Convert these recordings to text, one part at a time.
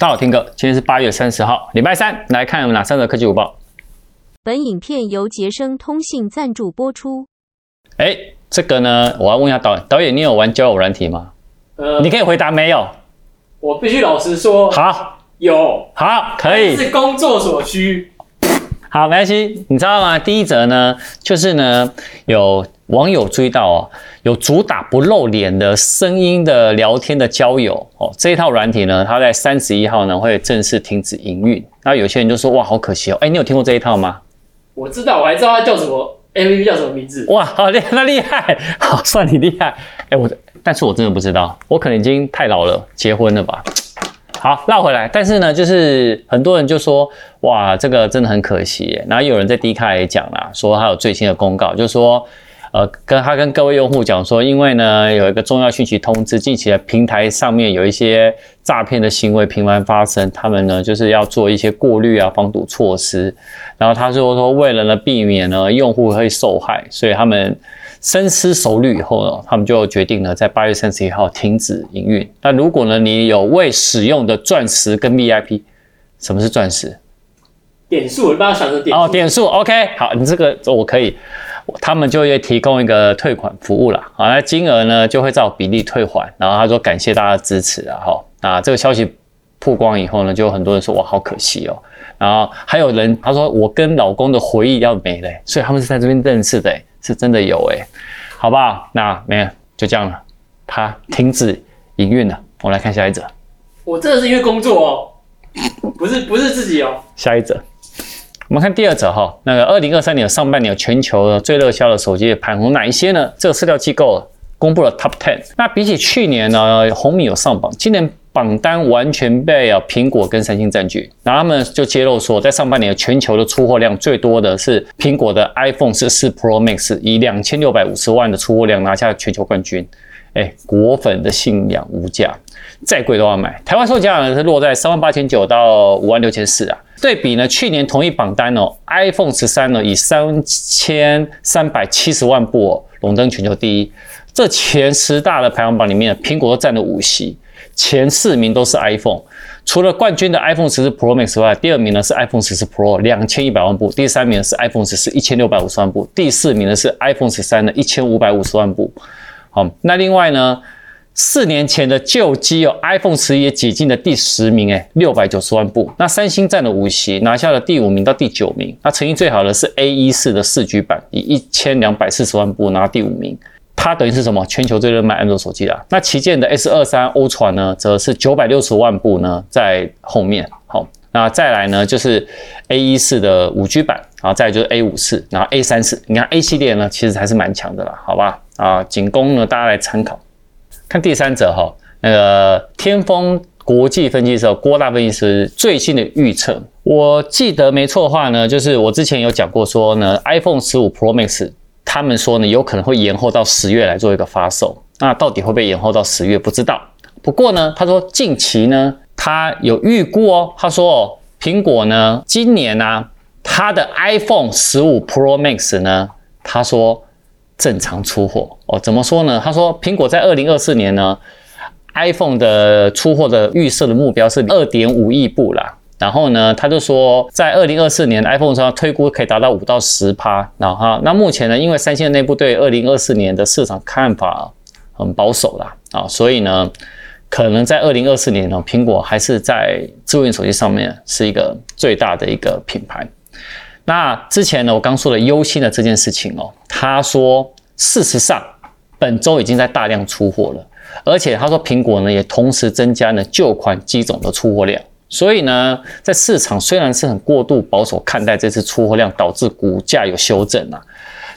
大家好，Tim 哥，今天是八月三十號，禮拜三，來看我們哪三個科技午報。本影片由傑生通信贊助播出。哎，這個呢，我要問一下導演導演，你有玩交友軟體嗎？呃，你可以回答沒有。我必須老實說。好。有。好，可以。是工作所需。好，梅西，你知道嗎？第一則呢，就是呢，有網友注意到哦，有主打不露臉的聲音的聊天的交友哦，這一套軟體呢，它在三十一號呢會正式停止營運。那有些人就說，哇，好可惜哦。哎、欸，你有聽過這一套嗎？我知道，我還知道它叫什麼 APP 叫什麼名字。哇，好厲害，那厲害，好算你厲害。哎、欸，我，但是我真的不知道，我可能已經太老了，結婚了吧。好，繞回來。但是呢，就是很多人就說，哇，這個真的很可惜。然後有人在 Dcard 也講啦，說他有最新的公告，就說，呃，跟他跟各位用戶講說，因為呢有一個重要訊息通知，近期的平台上面有一些詐騙的行為頻繁發生，他們呢就是要做一些過濾啊、防堵措施。然後他說說，為了呢避免呢用戶會受害，所以他們。深思熟慮以後呢，他們就決定呢，在八月三十一號停止營運。那如果呢，你有未使用的鑽石跟 VIP，什麼是鑽石？點數，我剛剛想說點數哦，點數 OK，好，你這個我可以，他們就會提供一個退款服務啦。好，那金額呢就會照比例退還。然後他說感謝大家的支持啊哈，哦。那這個消息曝光以後呢，就有很多人說哇，好可惜哦。然後還有人他說我跟老公的回憶要沒了，所以他們是在這邊認識的。是真的有哎、欸，好不好？那沒有，就這樣了。它停止營運了。我們來看下一則。我真的是因為工作哦，不是不是自己哦。下一則，我們看第二則哈。那個二零二三年上半年全球最熱銷的手機的盤紅哪一些呢？這個飼料機構公布了 top ten。那比起去年呢，紅米有上榜，今年。榜單完全被啊蘋果跟三星佔據，然後他們就揭露說，在上半年全球的出貨量最多的是蘋果的 iPhone 十四 Pro Max，以兩千六百五十萬的出貨量拿下全球冠軍。哎，果粉的信仰無價，再貴都要買。台灣售價呢是落在三萬八千九到五萬六千四啊。對比呢，去年同一榜單哦，iPhone 十三呢，以三千三百七十萬部哦，榮登全球第一。這前十大的排行榜裡面，蘋果都佔了五席，前四名都是 iPhone。除了冠軍的 iPhone 十四 Pro Max 之外，第二名呢是 iPhone 十四 Pro，兩千一百萬部；第三名是 iPhone 十四，一千六百五十萬部；第四名呢是 iPhone 十三的一千五百五十萬部。好，那另外呢，四年前的舊機哦，iPhone 十一也擠進了第十名誒，哎，六百九十萬部。那三星佔了五席，拿下了第五名到第九名。那成績最好的是 A 一四的四 G 版，以一千兩百四十萬部拿第五名。它、啊、等於是什麼？全球最熱賣安卓手機啦。那旗艦的 S 二三 Ultra 呢，則是九百六十萬部呢，在後面。好，那再來呢，就是 A 一四的五 G 版，然後再來就是 A 五四，然後 A 三四。你看 A 系列呢，其實還是蠻強的了，好吧？啊，僅供呢大家來參考。看第三者哈，那個天風國際分析師郭大分析師最新的預測，我記得沒錯的話呢，就是我之前有講過說呢，iPhone 十五 Pro Max。他們說呢，有可能會延後到十月來做一個發售，那到底會不會延後到十月？不知道。不過呢，他說近期呢，他有預估哦，他說哦，蘋果呢，今年呢、啊，它的 iPhone 十五 Pro Max 呢，他說正常出貨哦。怎麼說呢？他說蘋果在二零二四年呢，iPhone 的出貨的預設的目標是二點五億部啦。然後呢，他就說，在二零二四年，iPhone 上推估，可以達到五到十趴。然後，那目前呢，因為三星的內部對二零二四年的市場看法很保守啦，啊，所以呢，可能在二零二四年呢，蘋果還是在智慧手機上面是一個最大的一個品牌。那之前呢，我剛說的優先的這件事情哦，他說，事實上本周已經在大量出貨了，而且他說，蘋果呢也同時增加了舊款機種的出貨量。所以呢，在市場雖然是很過度保守看待這次出貨量，導致股價有修正啊，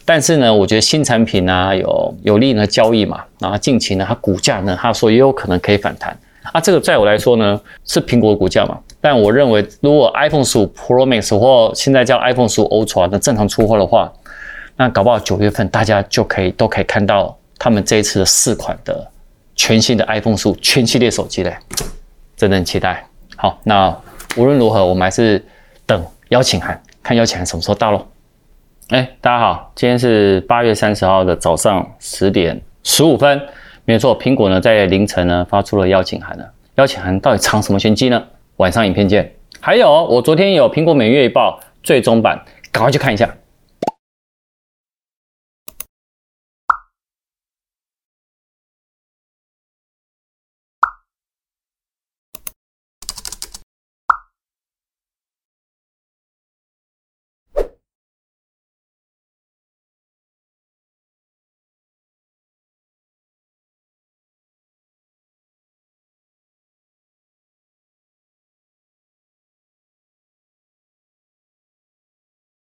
但是呢，我覺得新產品啊有有利於交易嘛，然後近期呢，它股價呢，他說也有可能可以反彈啊。這個在我來說呢，是蘋果股價嘛。但我認為，如果 iPhone 15 Pro Max 或現在叫 iPhone 15 Ultra 的正常出貨的話，那搞不好九月份大家就可以都可以看到他們這一次的四款的全新的 iPhone 15全系列手機嘞，真的很期待。好，那無論如何，我們還是等邀請函，看邀請函什麼時候到咯。哎，大家好，今天是八月三十號的早上十點十五分，沒有錯，蘋果呢在凌晨呢發出了邀請函呢。邀請函到底藏什麼玄機呢？晚上影片見。還有，我昨天有《蘋果每月一報》最終版，趕快去看一下。